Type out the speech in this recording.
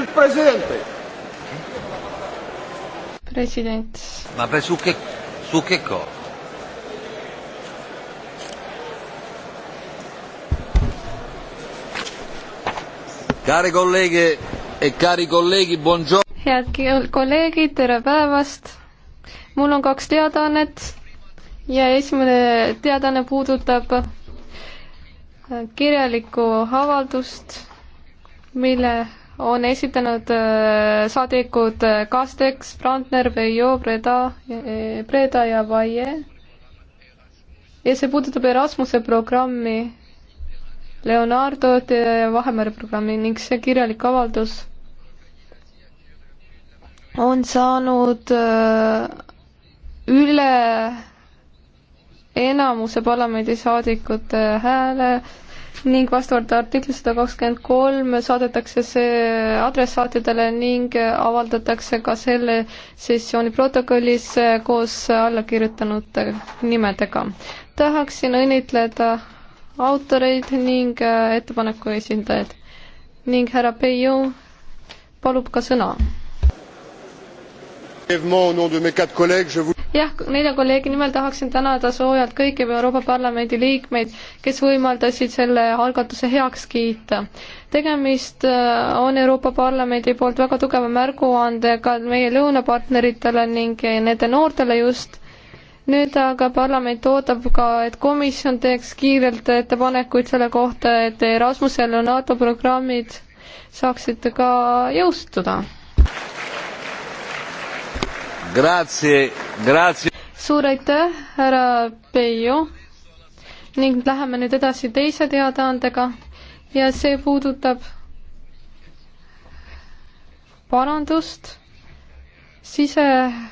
El presidente. President. Vabbè, su che, su che cosa? Care colleghe e cari colleghi, buongiorno. Head kolleegid, tere päevast. Mul on kaks teadaannet ja esimene teadaanne puudutab äh, kirjalikku avaldust, mille on esitanud äh, saadikud äh, Kasteks, Brandner, Veijo, Breda, äh, Breda ja Vaie. ja see puudutab Erasmuse programmi, Leonardo ja Vahemere programmi ning see kirjalik avaldus on saanud üle enamuse parlamendisaadikute hääle ning vastavalt artikli sada kakskümmend kolm saadetakse see adressaatidele ning avaldatakse ka selle sessiooni protokollis koos allakirjutanute nimedega. tahaksin õnnitleda autoreid ning äh, ettepaneku esindajaid ning härra Peijõu palub ka sõna jah, nelja kolleegi nimel tahaksin tänada soojalt kõiki Euroopa Parlamendi liikmeid, kes võimaldasid selle algatuse heaks kiita. tegemist äh, on Euroopa Parlamendi poolt väga tugeva märguandega meie lõunapartneritele ning nende noortele just, nüüd aga parlament ootab ka, et komisjon teeks kiirelt ettepanekuid selle kohta, et Erasmusel ja NATO programmid saaksid ka jõustuda suur aitäh, härra Peio ning läheme nüüd edasi teise teadaandega ja see puudutab parandust sise